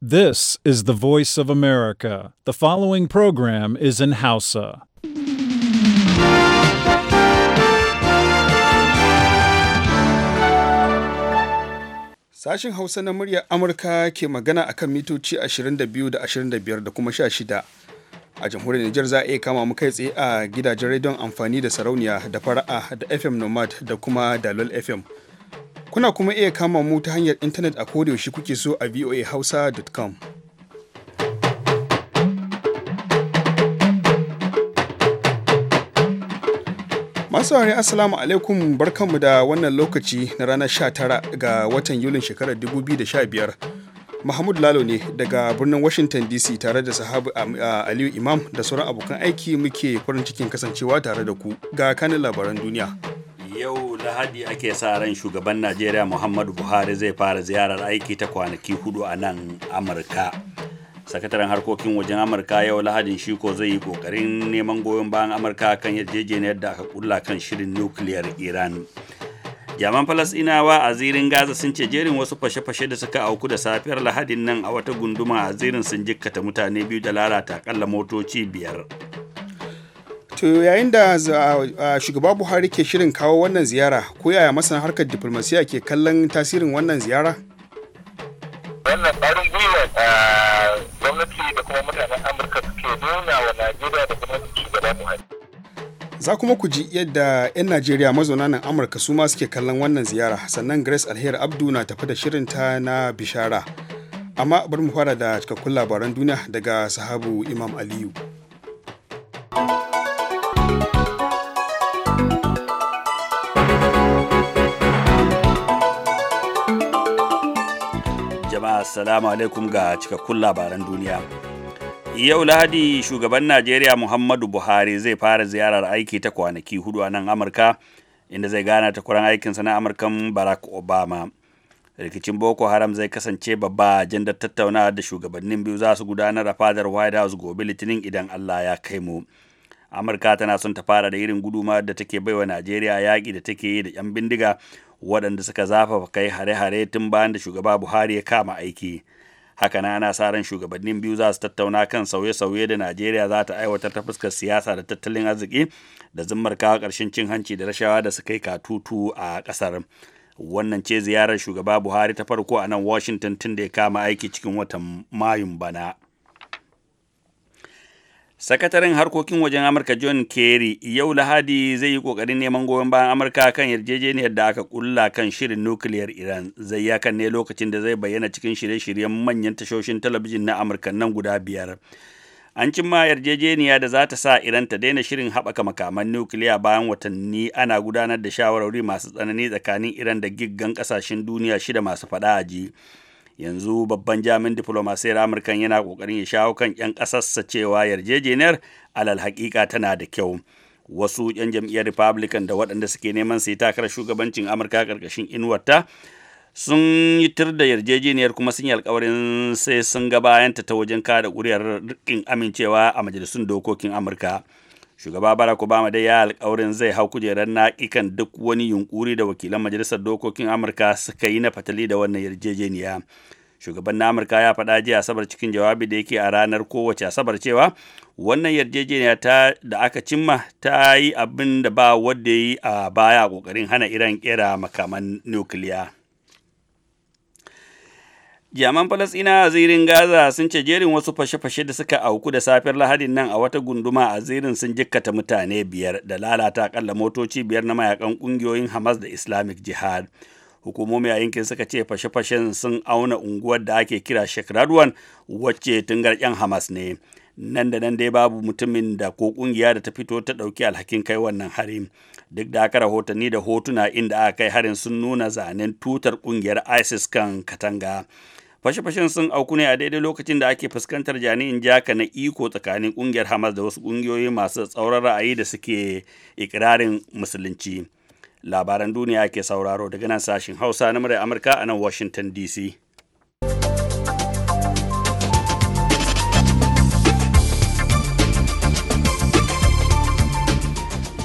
This is the voice of America. The following program is in Hausa. Sashen Hausa na muryar Amurka ke magana akan mitoci 22 da 25 da kuma 16. A jamhuriyar Nijar za a iya kama mu kai tsaye a gidajen rediyon amfani da sarauniya da fara'a da FM Nomad da kuma Dalol FM. Kuna kuma iya kama mu ta hanyar intanet a kodayaushe kuke so a voahausa.com. Masu saurari Assalamu alaikum barkanmu da wannan lokaci na ranar 19 ga watan Yulin shekarar 2015. Mahmud Lalo ne daga birnin Washington DC tare da sahabu Aliyu Imam da sauran abokan aiki muke farin cikin kasancewa tare da ku ga kanin labaran duniya. yau lahadi ake sa ran shugaban najeriya muhammadu buhari zai fara ziyarar aiki ta kwanaki hudu a nan amurka sakataren harkokin wajen amurka yau lahadin shi ko zai yi kokarin neman goyon bayan amurka kan yarjejeniyar da aka kulla kan shirin nukiliyar iran jaman falasinawa a zirin gaza sun ce jerin wasu fashe-fashe da suka auku da safiyar lahadin nan a wata gunduma a zirin sun jikkata mutane biyu da lalata kalla motoci biyar To yayin da shugaba Buhari ke shirin kawo wannan ziyara, ko yaya masana harkar diplomasiya ke kallon tasirin wannan ziyara? Wannan tsarin gwiwa a gwamnati da kuma mutanen Amurka suke nuna wa Najeriya da gwamnati shugaba Buhari. Za kuma ku ji yadda 'yan Najeriya mazauna nan Amurka su ma suke kallon wannan ziyara, sannan Grace Alheri Abdu na tafi da shirin ta na bishara. Amma bari mu fara da cikakkun labaran duniya daga sahabu Imam Aliyu. Assalamu alaikum ga cikakkun labaran duniya. Yau Lahadi shugaban Najeriya Muhammadu Buhari zai fara ziyarar aiki ta kwanaki hudu a nan Amurka inda zai gana ta kuran aikinsa na Amurkan Barack Obama. Rikicin Boko Haram zai kasance babba ajandar tattauna da shugabannin biyu za su gudanar a fadar White House gobe Litinin idan Allah ya kai mu. Amurka tana son ta fara da irin guduma da take baiwa Najeriya yaƙi da take yi da 'yan bindiga waɗanda suka zafafa kai hare-hare tun bayan da shugaba buhari ya kama aiki haka na ana sa ran shugabannin biyu za su tattauna kan sauye-sauye da najeriya za ta aiwatar ta fuskar siyasa da tattalin arziki da zimmar kawo ƙarshen cin hanci da rashawa da su kai katutu a ƙasar wannan ce ziyarar shugaba buhari ta farko a nan washington tun da ya kama aiki cikin watan mayun bana. Sakataren harkokin wajen Amurka John Kerry yau Lahadi zai yi kokarin neman goyon bayan Amurka kan yarjejeniyar da aka kulla kan shirin nukiliyar Iran. Zai ya kan ne lokacin da zai bayyana cikin shirye-shiryen manyan tashoshin talabijin na Amurka nan guda biyar. An cimma yarjejeniya da za ta sa Iran ta daina shirin haɓaka makaman nukiliya bayan watanni ana gudanar da shawarwari masu tsanani tsakanin Iran da giggan ƙasashen duniya shida masu faɗa a ji. yanzu babban jami'in diflomasiyar amurkan yana kokarin ya shawo kan 'yan ƙasarsa cewa yarjejeniyar alal hakika tana da kyau wasu 'yan jam'iyyar republican da waɗanda suke neman su yi takarar shugabancin amurka ƙarƙashin inuwarta sun yi tir da yarjejeniyar kuma sun yi alkawarin sai sun ga bayanta ta wajen kada ƙuri'ar rikin amincewa a majalisun dokokin amurka shugaba barack obama dai ya alkawarin zai hau kujerar naƙi duk wani yunkuri da wakilan majalisar dokokin amurka suka yi na fatali da wannan yarjejeniya shugaban na amurka ya faɗa jiya asabar cikin jawabi da yake a ranar kowace asabar cewa wannan yarjejeniya ta da aka cimma ta yi abin da ba wadda yi a baya ƙoƙarin hana iran ƙera makaman nukiliya Jaman Falasina a zirin Gaza sun ce jerin wasu fashe-fashe da suka auku da safiyar Lahadin nan a wata gunduma a zirin sun jikkata mutane biyar da lalata akalla motoci biyar na mayakan kungiyoyin Hamas da Islamic Jihad. Hukumomi a yankin suka ce fashe-fashen sun auna unguwar da ake kira Sheikh Radwan wacce tungarƙen Hamas ne. nan da nan dai babu mutumin da ko kungiya da ta fito ta ɗauki alhakin kai wannan harin duk da aka rahotanni da hotuna inda aka kai harin sun nuna zanen tutar kungiyar isis kan katanga fashe-fashen sun auku ne a daidai lokacin da ake fuskantar jani'in jaka na iko tsakanin kungiyar hamas da wasu kungiyoyi masu tsauran ra'ayi da suke ikirarin musulunci labaran duniya ke sauraro daga nan sashen hausa na murar amurka a nan washington dc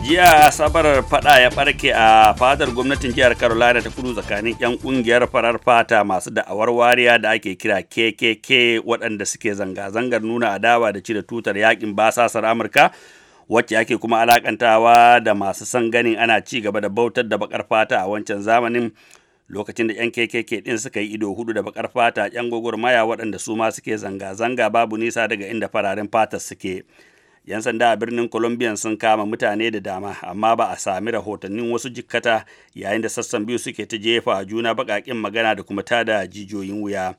jiya sabarar fada ya barke a fadar gwamnatin jihar carolina ta kudu tsakanin 'yan kungiyar farar fata masu da'awar wariya da ake kira kkk waɗanda suke zanga-zangar nuna adawa da cire tutar yakin basasar amurka wacce ake kuma alakantawa da masu san ganin ana ci gaba da bautar da bakar fata a wancan zamanin lokacin da 'yan kkk din suka yi ido hudu da bakar fata 'yan gwagwarmaya waɗanda su ma suke zanga-zanga babu nisa daga inda fararen fata suke 'yan sanda a birnin colombia sun kama mutane da dama amma ba a sami rahotannin wasu jikkata yayin da sassan biyu suke ta jefa a juna bakakin magana da kuma tada jijiyoyin wuya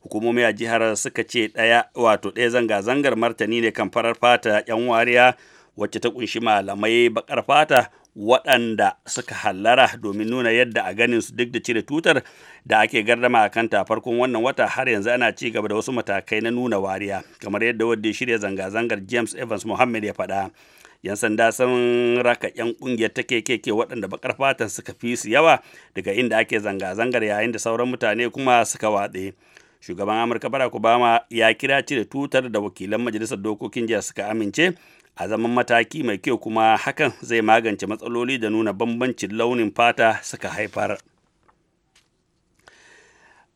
hukumomi a jihar suka ce ɗaya wato ɗaya zanga-zangar martani ne kan farar fata 'yan wariya wacce ta kunshi malamai bakar fata waɗanda suka hallara domin nuna yadda a ganin su duk da cire tutar da ake gardama a kanta farkon wannan wata har yanzu ana ci gaba da wasu matakai na nuna wariya kamar yadda wadda shirya zanga-zangar james evans mohammed ya faɗa yan sanda sun raka yan kungiyar ta keke waɗanda bakar fatan suka fi su yawa daga inda ake zanga-zangar yayin da sauran mutane kuma suka watse shugaban amurka barack obama ya kira cire tutar da wakilan majalisar dokokin jiya suka amince a zaman mataki mai kyau kuma hakan zai magance matsaloli da nuna bambancin launin fata suka haifar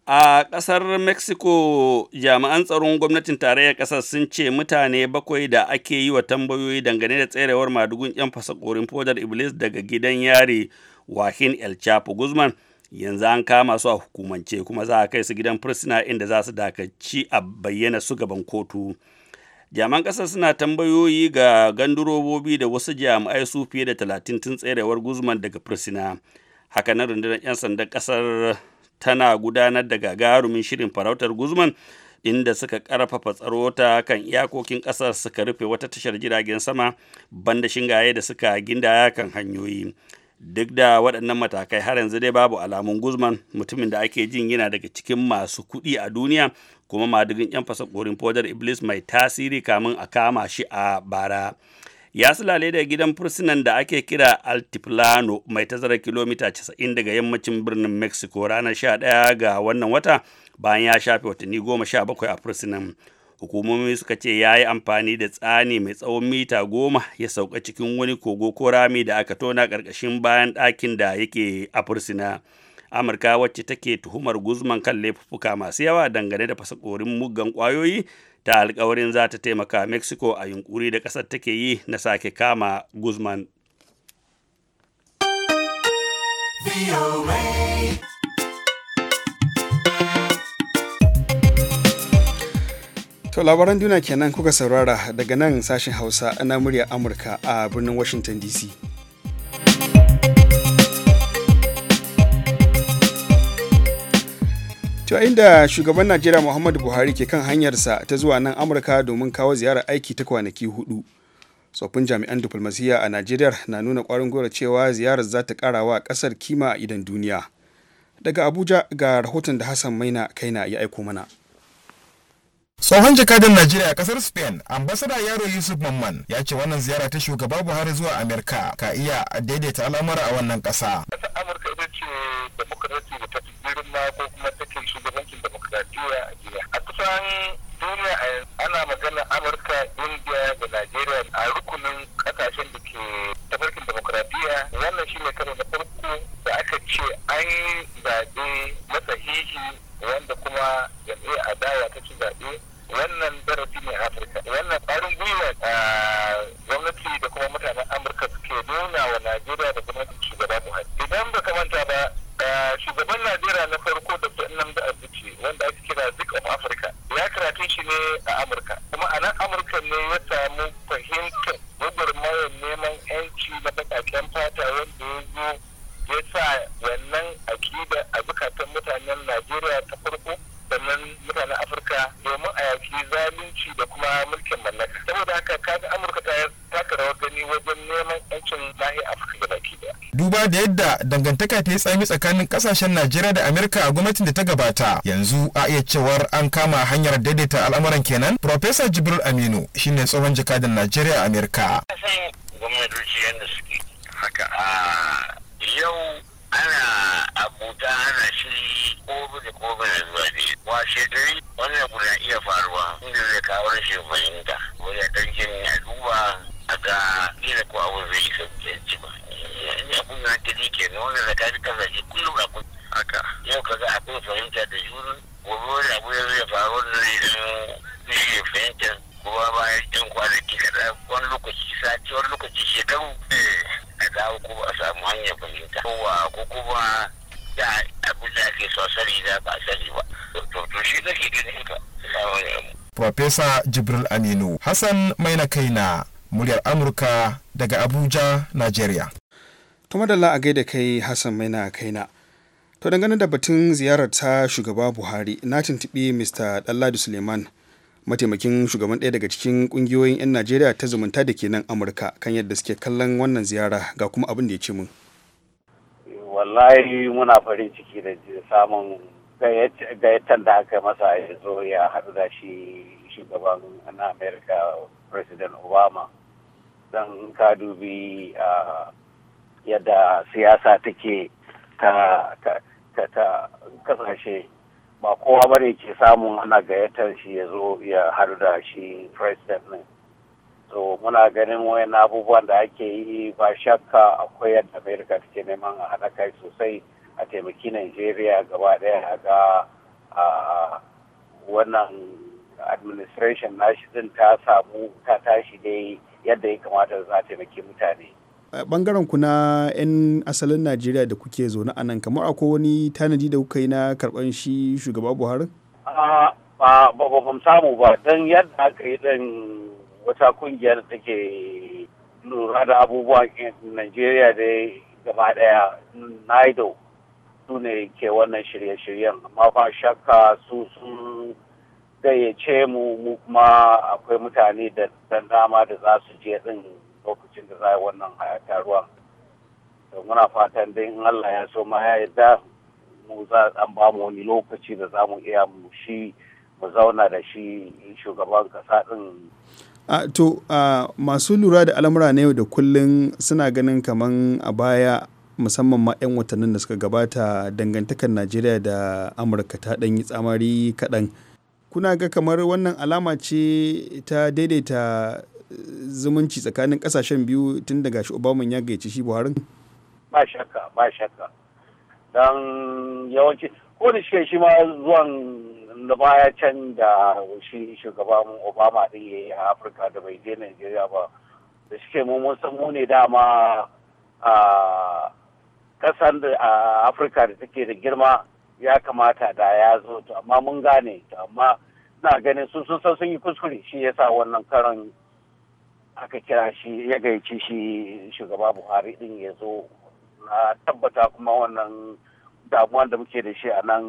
a ƙasar mexico jami'an tsaron gwamnatin tarayyar ƙasar sun ce mutane bakwai da ake yi wa tambayoyi dangane da tserewar madugun 'yan fasakorin fodar iblis daga gidan yari wahin el chapo guzman yanzu an kama su a hukumance kuma za a kai su gidan fursuna inda za su dakaci a bayyana su gaban kotu. jaman ƙasar suna tambayoyi ga gandurobobi da wasu jami'ai su fiye da talatin tun tserewar guzman daga fursuna hakanan rundunar 'yan sandan ƙasar tana gudanar da gagarumin shirin farautar guzman inda suka ƙarfafa tsaro ta kan iyakokin ƙasar suka rufe wata tashar jiragen sama banda shingaye da suka gindaya kan hanyoyi duk da waɗannan matakai har yanzu dai babu alamun guzman mutumin da ake jin yana daga cikin masu kuɗi a duniya kuma madugin 'yan fasa korin fodar iblis mai tasiri kamun a kama shi a bara ya sulale da gidan fursunan da ake kira altiplano mai tazara kilomita 90 daga yammacin birnin mexico ranar 11 ga wannan wata bayan ya shafe watanni 17 a fursunan hukumomi suka ce ya yi amfani da tsani mai tsawon mita goma ya sauka cikin wani kogo ko rami da aka tona ƙarƙashin bayan ɗakin da yake a fursuna amurka wacce take tuhumar guzman kan laifuka masu yawa dangane da fasakorin muggan ƙwayoyi ta alkawarin za ta taimaka mexico a yunkuri da ƙasar take yi na sake kama guzman To labaran duniya kenan kuka saurara daga nan sashen Hausa na murya Amurka a birnin Washington DC. To inda shugaban Najeriya Muhammadu Buhari ke kan hanyarsa ta zuwa nan Amurka domin kawo ziyarar aiki ta kwanaki hudu. Tsoffin jami'an diflomasiyya a Najeriya na nuna kwarin gwiwar cewa ziyarar za ta kara wa kasar kima a idan duniya. Daga Abuja ga rahoton da Hassan Maina kaina ya aiko mana. tsohon jakadan najeriya a kasar spain ambasada yaro yusuf mamman ya ce wannan ziyara ta shugaba buhari zuwa amerika ka iya daidaita al'amura a wannan kasa amurka ita ce duba da yadda dangantaka ta yi tsami tsakanin kasashen najeriya da Amurka a gwamnatin da ta gabata yanzu a iya cewar an kama hanyar daidaita al'amuran kenan Profesa jibril aminu shine tsohon jakadan najeriya a Amurka. yau ana abuta ana shiri ko da ko na zuwa ne Wa dare wannan abu na iya faruwa inda zai kawo rashin fahimta wani a ya duba a ga ina ko abu zai yi sauƙi ba abun na gani ke nan wani da kaji kasashe kullum abun haka yau kaga akwai fahimta da juna gobe wani abu ya zai faru da zai zama zai fahimta kuma bayan yan kwanaki kaɗan wani lokaci sati wani lokaci shekaru a dawo ko a samu hanyar fahimta kowa ko kuma da abin da ake so sani da ba sani ba to shi nake ganin ka Profesa Jibril Aminu Hassan Maina muryar Amurka daga Abuja, Najeriya. To madalla a gaida kai Hassan Maina na To dangane da batun ziyarar ta shugaba Buhari na tuntuɓi Mr. Ɗanladi Suleiman mataimakin shugaban ɗaya daga cikin ƙungiyoyin 'yan Najeriya ta zumunta da ke nan Amurka kan yadda suke kallon wannan ziyara ga kuma abin da ya ce mun. Wallahi muna farin ciki da samun gayyatar da aka masa ya zo ya haɗu da shi shugaban na Amerika President Obama. Don ka dubi a ah, yadda siyasa take ta kasashe ba kowa bane ke samun ana gayyatar shi ya zo ya haɗu da shi president ne so muna ganin wayan abubuwan da ake yi ba shakka akwai yadda america take neman a haɗa kai sosai a taimaki nigeria gaba ɗaya ga wannan administration nashi din ta samu ta tashi dai yadda ya kamata za a taimaki mutane bangaren ku na 'yan asalin najeriya da kuke zaune a nan kamar akwai wani tanadi da kuka yi na karban shi shugaba buhari ba ba samu ba don yadda aka yi ɗan wata kungiyar da ke lura da abubuwan najeriya da gaba daya naido su ne ke wannan shirye-shiryen amma ba shakka su su gayyace mu mu kuma akwai mutane da dama da za su je din lokacin da za a yi wannan ruwa to muna fatan dai in Allah ya so ma ya yarda mu za an ba mu wani lokaci da za mu iya mu shi mu zauna da shi shugaban kasa din a to masu lura da al'amura na yau da kullun suna ganin kamar a baya musamman ma 'yan watannin da suka gabata dangantakar najeriya da amurka ta ɗan yi tsamari kaɗan kuna ga kamar wannan alama ce ta daidaita zumunci tsakanin kasashen biyu tun daga shi obama ya gayyaci shi buhari. ba shakka ba shakka don yawanci ko da shi shi ma zuwan da baya can da shi shugaban obama din ya yi a afirka da bai je nigeria ba da shi mu mun san mu ne dama a kasan da a afirka da take da girma ya kamata da ya zo to amma mun gane to amma na ganin sun sun yi kuskure shi yasa wannan karan aka kira shi ya gaici shi shugaba buhari din ya zo na tabbata kuma wannan damuwan da muke da shi a nan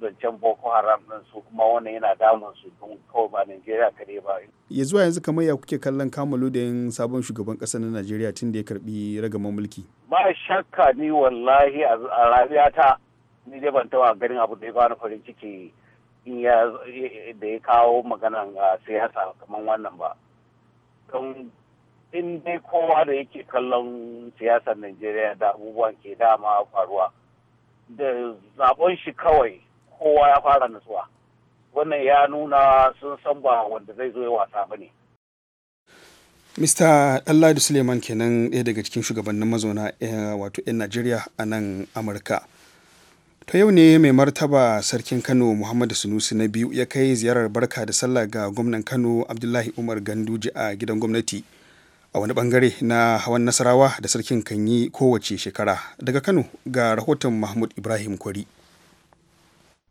zancen boko haram din su kuma wannan yana damun su don kawai ba najeriya kare ba ya zuwa yanzu kamar ya kuke kallon kamalu da yin sabon shugaban kasa na najeriya tun da ya karbi ragaman mulki ba shakka ni wallahi a ta ni dai ban taba ganin abu da ya kawo farin ciki da ya kawo maganan ah, siyasa kamar wannan ba in dai kowa da yake kallon siyasar Najeriya da abubuwan ke dama faruwa da zaɓon shi kawai kowa ya fara nutsuwa wannan ya nuna sun san ba wanda zai zo ya wasa ba ne. mr Ɗanladi Suleiman kenan ɗaya daga cikin shugabannin mazauna eh, wato 'yan Najeriya a nan Amurka. ta yau ne mai martaba sarkin kano muhammadu sunusi na biyu ya kai ziyarar barka da sallah ga gwamnan kano abdullahi umar ganduji a gidan gwamnati a wani bangare na hawan nasarawa da sarkin kan yi kowace shekara daga kano ga rahoton mahmud ibrahim kwari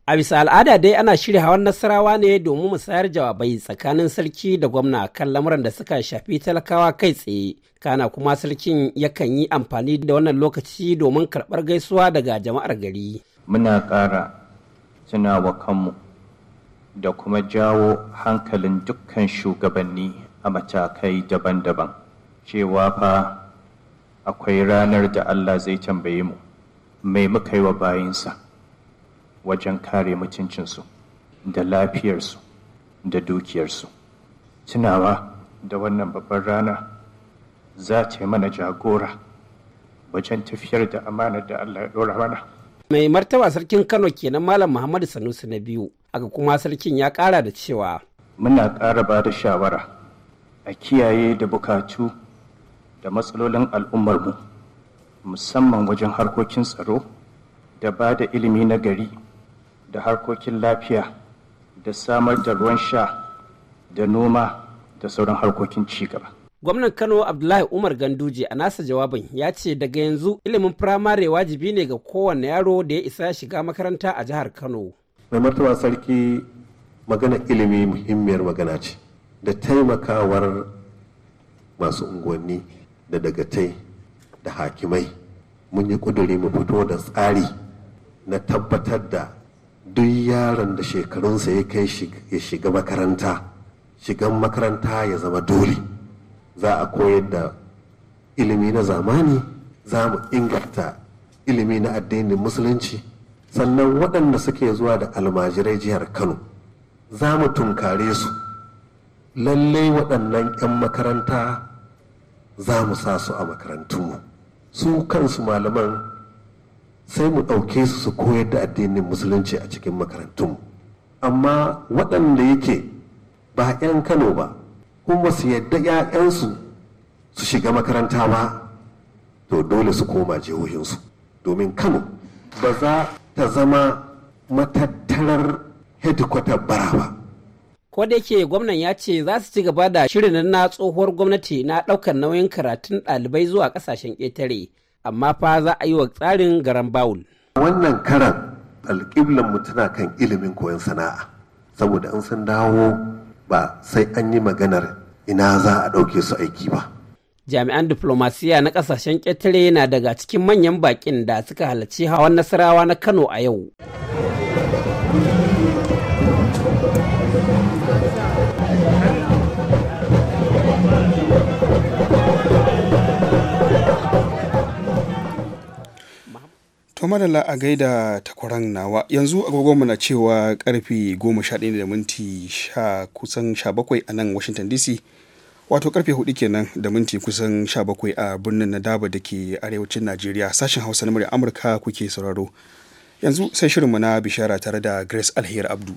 a bisa al'ada dai ana shirya hawan nasarawa ne domin musayar jawabai tsakanin sarki da gwamna kan lamuran da suka shafi talakawa kai tsaye kana kuma sarkin yakan yi amfani da wannan lokaci domin karɓar gaisuwa daga jama'ar gari muna ƙara tunawa kanmu da kuma jawo hankalin dukkan shugabanni a matakai daban-daban cewa fa akwai ranar da Allah zai tambaye mu mai muka yi wa bayinsa wajen kare mutuncinsu da lafiyarsu da dukiyarsu tunawa da wannan babban rana za ta yi mana jagora wajen tafiyar da amanar da Allah ya ɗora mana. mai martaba sarkin kano kenan malam muhammadu sanusi na biyu aka kuma sarkin ya kara da cewa muna ƙara ba da shawara a kiyaye da bukatu da matsalolin al'ummarmu musamman wajen harkokin tsaro da ba da ilimi na gari da harkokin lafiya da samar da ruwan sha da noma da sauran harkokin ci gaba. Gwamnan Kano Abdullahi Umar Ganduje a nasa jawabin ya ce daga yanzu ilimin firamare wajibi ne ga kowane yaro da ya isa shiga makaranta a jihar Kano. Mai martaba sarki magana ilimi muhimmiyar magana ce da taimakawar masu unguwanni da dagatai da hakimai mun yi ƙuduri mu fito da tsari na tabbatar da duk yaron da shekarunsa ya kai ya shiga makaranta shigan makaranta ya zama dole. za a koyar da ilimi na zamani za mu inganta ilimi na addinin musulunci sannan waɗanda suke zuwa da almajirai jihar kano za mu tunkare su lallai waɗannan 'yan makaranta za mu sa su a makarantunmu. su kansu malaman sai mu ɗauke su su koyar da addinin musulunci a cikin makarantunmu amma waɗanda yake ba 'yan kano ba kuma su yadda 'ya'yansu su shiga makaranta ba to dole su koma jihohinsu domin kano ba za ta zama matattarar hedikwatar bara ba ko da yake gwamnan ya ce za su ci gaba da shirin na tsohuwar gwamnati na ɗaukar nauyin karatun ɗalibai zuwa ƙasashen ƙetare amma fa za a yi wa tsarin garan bawul wannan karan alƙiblan mu tana kan ilimin koyon sana'a saboda in san dawo ba sai an yi maganar ina za a ɗauke su aiki ba. Jami'an diflomasiya na ƙasashen ƙetare na daga cikin manyan baƙin da suka halarci hawan nasarawa na Kano a yau. To madalla a gaida takwaran nawa yanzu agogonmu na cewa karfe 11 da minti kusan 17 a nan Washington DC wato karfe 4 kenan da minti kusan 17 a birnin na daba da ke arewacin Najeriya sashen Hausa na murya Amurka kuke sauraro. Yanzu sai shirin mu na bishara tare da Grace Alheri Abdu.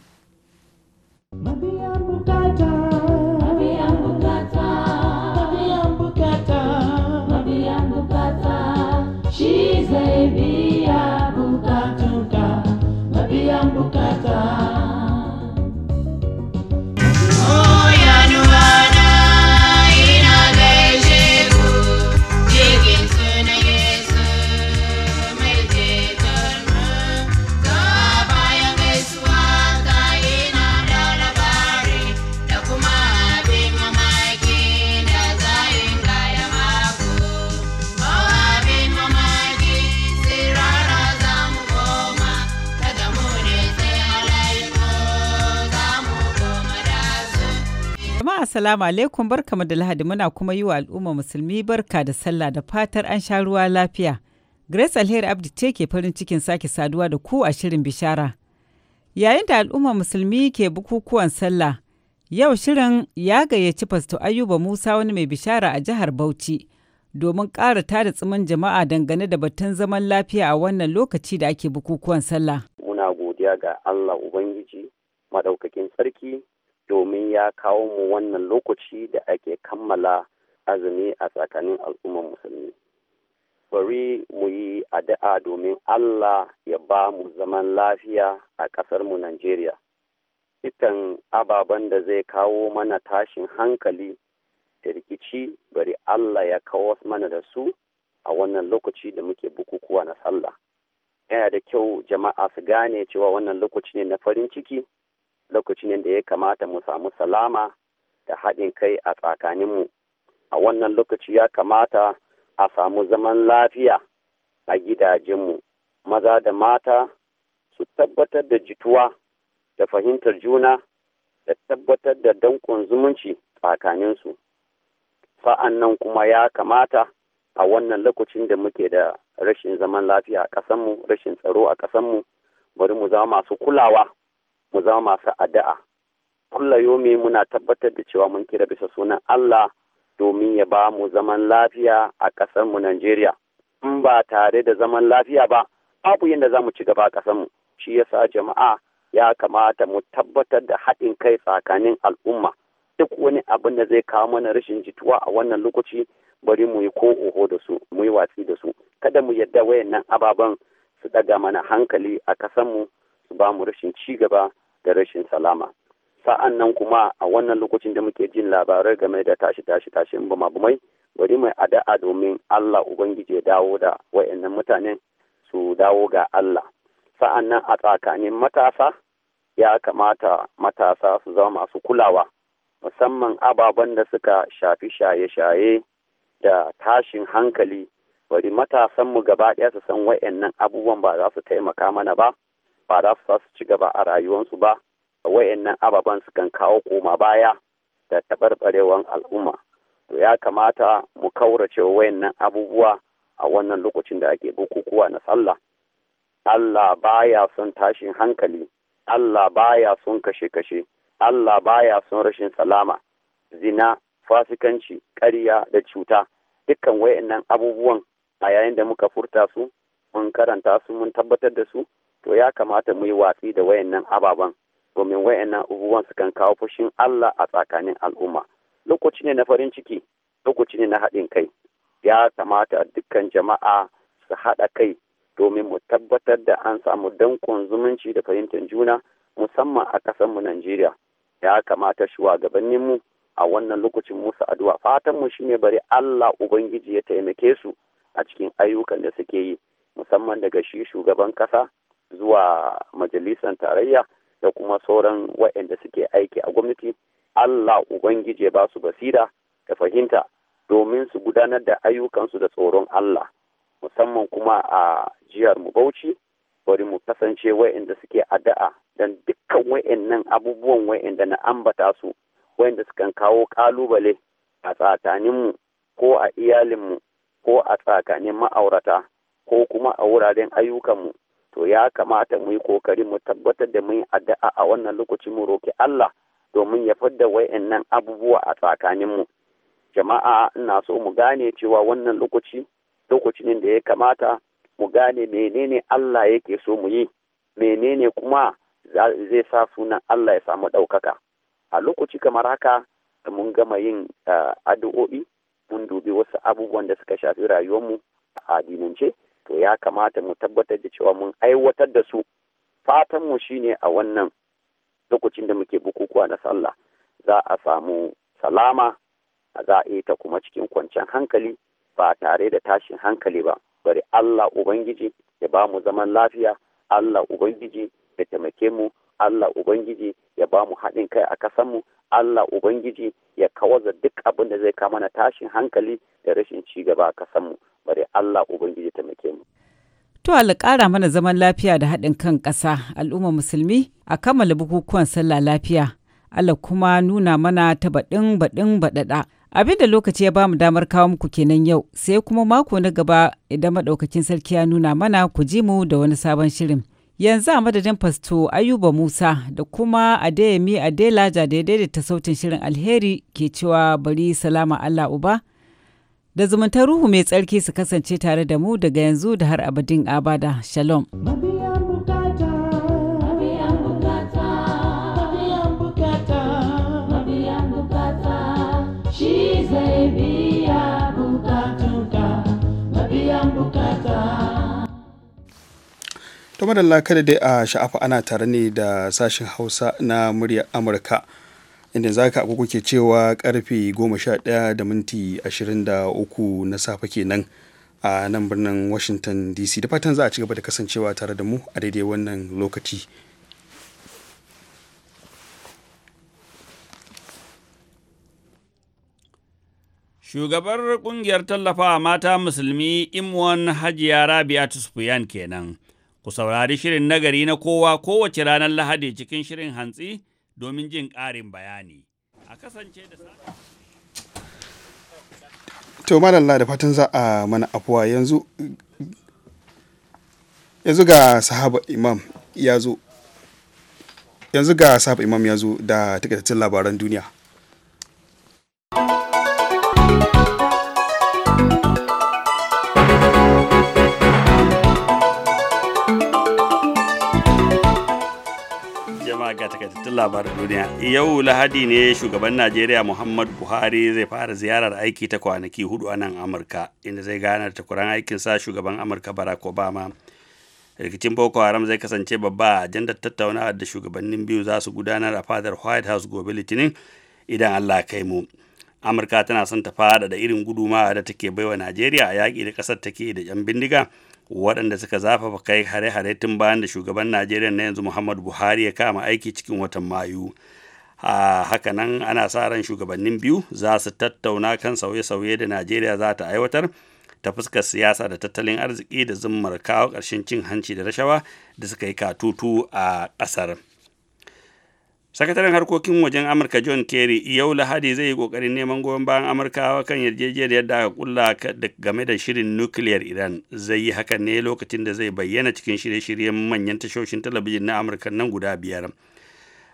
Assalamu alaikum barkamu da Lahadi muna kuma yi wa al'umma musulmi barka da sallah da fatar an sha ruwa lafiya. Grace Alheri Abdi ce ke farin cikin sake saduwa da ku a shirin bishara. Yayin da al'umma musulmi ke bukukuwan sallah, yau shirin ya gayyaci Fasto Ayuba Musa wani mai bishara a jihar Bauchi domin ƙara tada tsimin jama'a dangane da batun zaman lafiya a wannan lokaci da ake bukukuwan sallah. Muna godiya ga Allah Ubangiji, maɗaukakin Sarki, domin ya kawo mu wannan lokaci da ake kammala azumi a tsakanin al'ummar musulmi. Bari mu yi addu'a domin Allah ya ba mu zaman lafiya a ƙasar mu Najeriya. Itan ababen da zai kawo mana tashin hankali da rikici bari Allah ya kawo mana da su a wannan lokaci da muke bukukuwa na sallah. Yana da kyau jama'a su gane cewa wannan lokaci ne na farin ciki. lokacin da ya kamata mu samu salama da haɗin kai a tsakaninmu a wannan lokaci ya kamata a samu zaman lafiya a gidajenmu maza da mata su tabbatar da jituwa da fahimtar juna da tabbatar da danƙon zumunci tsakaninsu sa'an nan kuma ya kamata a wannan lokacin da muke da rashin zaman lafiya a ƙasanmu rashin tsaro a ƙasanmu bari mu zama masu kulawa mu zama masu addu'a kulla yomi muna tabbatar da cewa mun kira bisa sunan Allah domin ya ba mu zaman lafiya a ƙasar mu Najeriya in ba tare da zaman lafiya ba babu yadda za mu ci gaba a ƙasar mu shi yasa jama'a ya kamata mu tabbatar da haɗin kai tsakanin al'umma duk wani abin da zai kawo mana rashin jituwa a wannan lokaci bari mu yi ko oho da su mu yi watsi da su kada mu yadda wayannan ababen su ɗaga mana hankali a mu su ba mu rashin ci gaba da rashin salama sa'an nan kuma a wannan lokacin da muke jin labarai game da tashi tashi tashi in bama bumai bari mai ada'a domin Allah ubangiji ya dawo da wayannan mutanen su dawo ga Allah sa'an nan a tsakanin matasa ya kamata matasa su zama masu kulawa musamman ababen da suka shafi shaye-shaye da tashin hankali bari matasanmu gaba ɗaya su san wa'annan abubuwan ba za su taimaka mana ba ba za su su ci gaba a rayuwarsu ba wayannan ababen kan kawo koma baya da taɓarɓarewar al'umma to ya kamata mu kaurace wayannan abubuwa a wannan lokacin da ake bukukuwa na sallah Allah baya son tashin hankali Allah baya son kashe-kashe Allah baya son rashin salama zina fasikanci ƙarya da cuta dukkan wayannan abubuwan a yayin da muka furta su mun karanta su mun tabbatar da su to ya kamata mu yi watsi da wayannan ababen domin wayannan abubuwan su kan kawo fushin Allah a tsakanin al'umma lokaci ne na farin ciki lokaci ne na haɗin kai ya kamata dukkan jama'a su haɗa kai domin mu tabbatar da an samu dankon zumunci da fahimtar juna musamman a ƙasarmu Najeriya ya kamata mu a wannan lokacin musu addu'a fatanmu shine bari Allah Ubangiji ya taimake su a cikin ayyukan da suke yi musamman daga shi shugaban ƙasa zuwa majalisar tarayya da kuma sauran waɗanda suke aiki a gwamnati Allah Ubangiji ba su basira da fahimta domin su gudanar da ayyukansu da tsoron Allah musamman kuma a jihar mu Bauchi bari mu kasance waɗanda suke addu'a don dukkan waɗannan abubuwan waɗanda na ambata su waɗanda sukan kawo ƙalubale a tsakaninmu ko a iyalinmu ko a tsakanin ma'aurata ko kuma a wuraren ayyukanmu to ya kamata mu yi kokari mu tabbatar da mun yi addu'a a wannan lokaci mu roki Allah domin ya fidda wayannan abubuwa a tsakanin mu jama'a ina so mu gane cewa wannan lokaci lokaci ne da ya kamata mu gane menene Allah yake so mu yi menene kuma zai sa sunan Allah ya samu ɗaukaka a lokaci kamar haka mun gama yin eh, addu'o'i mun dubi wasu abubuwan da suka shafi rayuwarmu a addinance to ya kamata mu tabbatar da cewa mun aiwatar da su fatanmu shine a wannan lokacin da muke bukukuwa na sallah za a samu salama za a ta kuma cikin kwanciyar hankali ba tare da tashin hankali ba bari Allah Ubangiji ya ba mu zaman lafiya Allah Ubangiji ya taimake mu Allah Ubangiji ya ba mu haɗin kai a ƙasanmu Allah Ubangiji ya kawaza duk abin da zai kama na tashin hankali da rashin ci gaba a ƙasanmu bari Allah ubangiji ta muke mu To alƙara mana zaman lafiya da haɗin kan ƙasa al'ummar musulmi a kammala bukukuwan sallah lafiya Allah kuma nuna mana ta baɗin baɗin baɗaɗa. Abin da lokaci ya ba mu damar kawo muku kenan yau sai kuma mako na gaba idan maɗaukacin sarki ya nuna mana ku ji mu da wani sabon shirin. Yanzu a madadin fasto Ayuba Musa da kuma Adeyemi Adelaja da ya daidaita sautin shirin alheri ke cewa bari salama Allah uba. da zumuntar ruhu mai tsarki su kasance tare da mu daga yanzu da har abadin abada shalom to madalla kada dai a sha'afa ana tare ne da sashen hausa na murya amurka inda za ka abu kuke cewa karfe ɗaya da minti uku na safe kenan a nan birnin washington dc da fatan za a ci gaba da kasancewa tare da mu a daidai wannan lokaci Shugabar kungiyar tallafawa mata musulmi Imwan Hajiya Rabia Tusfuyan kenan. Ku saurari shirin nagari na kowa kowace ranar Lahadi cikin shirin hantsi domin jin ƙarin bayani. A kasance da To malalla da fatan za a mana afuwa yanzu yanzu ga sahaba imam ya zo yanzu ga sahaba imam ya zo da takaitattun labaran duniya. takaitattun labaran duniya yau lahadi ne shugaban najeriya muhammad buhari zai fara ziyarar aiki ta kwanaki hudu a nan amurka inda zai gana da takwaran aikin sa shugaban amurka barack obama rikicin boko haram zai kasance babba a ajandar tattaunawa da shugabannin biyu za su gudanar a fadar white house gobe litinin idan allah kai mu amurka tana son ta fada da irin guduma da take baiwa najeriya a yaƙi da ƙasar take da yan bindiga waɗanda suka zafafa kai hare-hare tun bayan da shugaban najeriya na yanzu muhammad buhari ya kama aiki cikin watan mayu a hakanan ana sa ran shugabannin biyu za su tattauna kan sauye-sauye da najeriya za ta aiwatar ta fuskar siyasa da tattalin arziki da zummar kawo ƙarshen cin hanci da rashawa da suka yi katutu a ƙasar. sakataren harkokin wajen amurka john kerry yau lahadi zai yi kokarin neman goyon bayan amurkawa kan yarjejeniyar yadda aka kulla game da shirin nukiliyar iran zai yi hakan ne lokacin da zai bayyana cikin shirye-shiryen manyan tashoshin talabijin na amurka nan guda biyar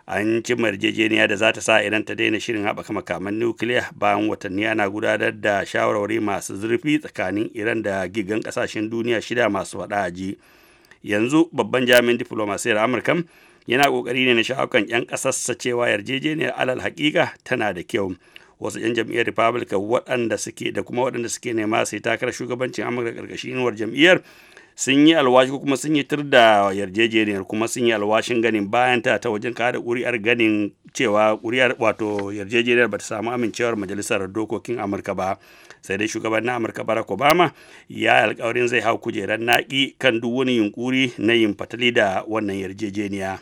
an ci yarjejeniya da za ta sa iran ta daina shirin haɓaka makaman nukiliya bayan watanni ana gudanar da shawarwari masu zurfi tsakanin iran da gigan ƙasashen duniya shida masu faɗa yanzu babban jami'in diflomasiyar amurka yana kokari ne na sha'akan 'yan ƙasarsa cewa yarjejeniyar alal hakika tana da kyau wasu 'yan jam'iyyar republican waɗanda suke da kuma waɗanda suke nema sai takarar shugabancin amurka ƙarƙashin inuwar jam'iyyar sun yi alwashi ko kuma sun yi tur da yarjejeniyar kuma sun yi alwashin ganin bayan ta ta wajen kada kuri'ar ganin cewa ƙuri'ar wato yarjejeniyar bata samu amincewar majalisar dokokin amurka ba sai dai shugaban na amurka barack obama ya yi alkawarin zai hau kujerar naki kan duk wani yunkuri na yin fatali da wannan yarjejeniya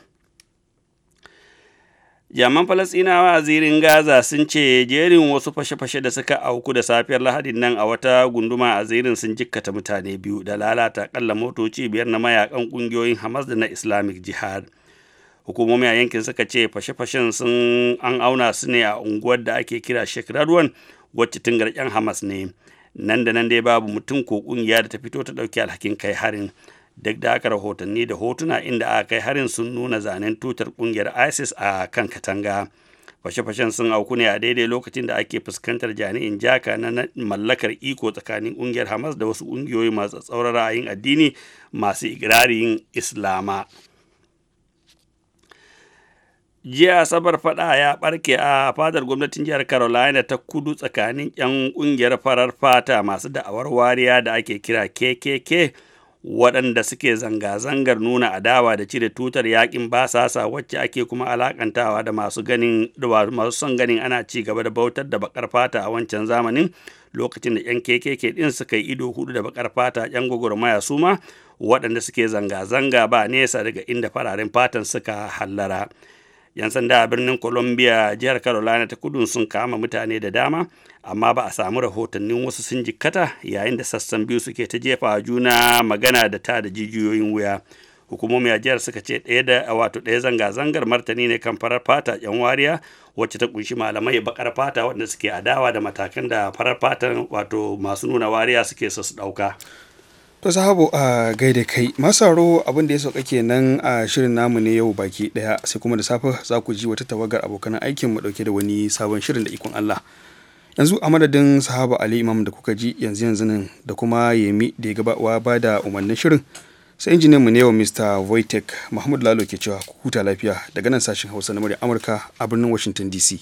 jaman falasinawa a zirin gaza sun ce jerin wasu fashe-fashe da suka auku da safiyar lahadin nan a wata gunduma a zirin sun jikkata mutane biyu da lalata kalla motoci biyar na mayakan kungiyoyin hamas da na islamic jihad hukumomi a yankin suka ce fashe-fashen sun an auna su ne a unguwar da ake kira sheikh radwan wacce tungar yan hamas ne nan da nan dai babu mutum ko kungiya da ta fito ta dauki alhakin kai harin duk da aka rahotanni da hotuna inda aka kai harin sun nuna zanen tutar kungiyar isis a kan katanga fashe-fashen sun auku ne a daidai lokacin da ake fuskantar jani'in jaka na mallakar iko tsakanin kungiyar hamas da wasu kungiyoyi masu tsaurar ra'ayin addini masu igirarin islama jiya asabar fada ya barke a fadar gwamnatin jihar carolina ta kudu tsakanin 'yan kungiyar farar fata masu da'awar wariya da ake kira kkk waɗanda suke zanga-zangar nuna adawa da cire tutar yakin basasa wacce ake kuma alakantawa da masu ganin da masu son ganin ana ci gaba da bautar da bakar fata a wancan zamanin lokacin da yan KKK din suka yi ido hudu da bakar fata yan gwagwarmaya su ma waɗanda suke zanga-zanga ba nesa daga inda fararen fatan suka hallara. yan sanda a birnin colombia jihar carolina ta kudu sun kama mutane da dama amma ba a samu rahotannin wasu sun jikkata yayin da sassan biyu suke ta jefa juna magana da ta da jijiyoyin wuya hukumomi a jihar suka ce ɗaya da wato ɗaya zanga-zangar martani ne kan farar fata yan wariya wacce ta kunshi malamai bakar fata waɗanda suke adawa da matakan da farar fatan wato masu nuna wariya suke su ɗauka To sahabo a gaida kai masaro abin da ya sauka kenan a shirin namu ne yau baki daya sai kuma da safe za ku ji wata tawagar abokan aikin mu dauke da wani sabon shirin da ikon Allah. Yanzu a madadin sahaba Ali Imam da kuka ji yanzu yanzu nan da kuma Yemi da ya gabawa ba da umarnin shirin sai injiniyan mu ne yau Mr. Voitek Mahmud Lalo ke cewa ku huta lafiya daga nan sashen Hausa na murya Amurka a birnin Washington DC.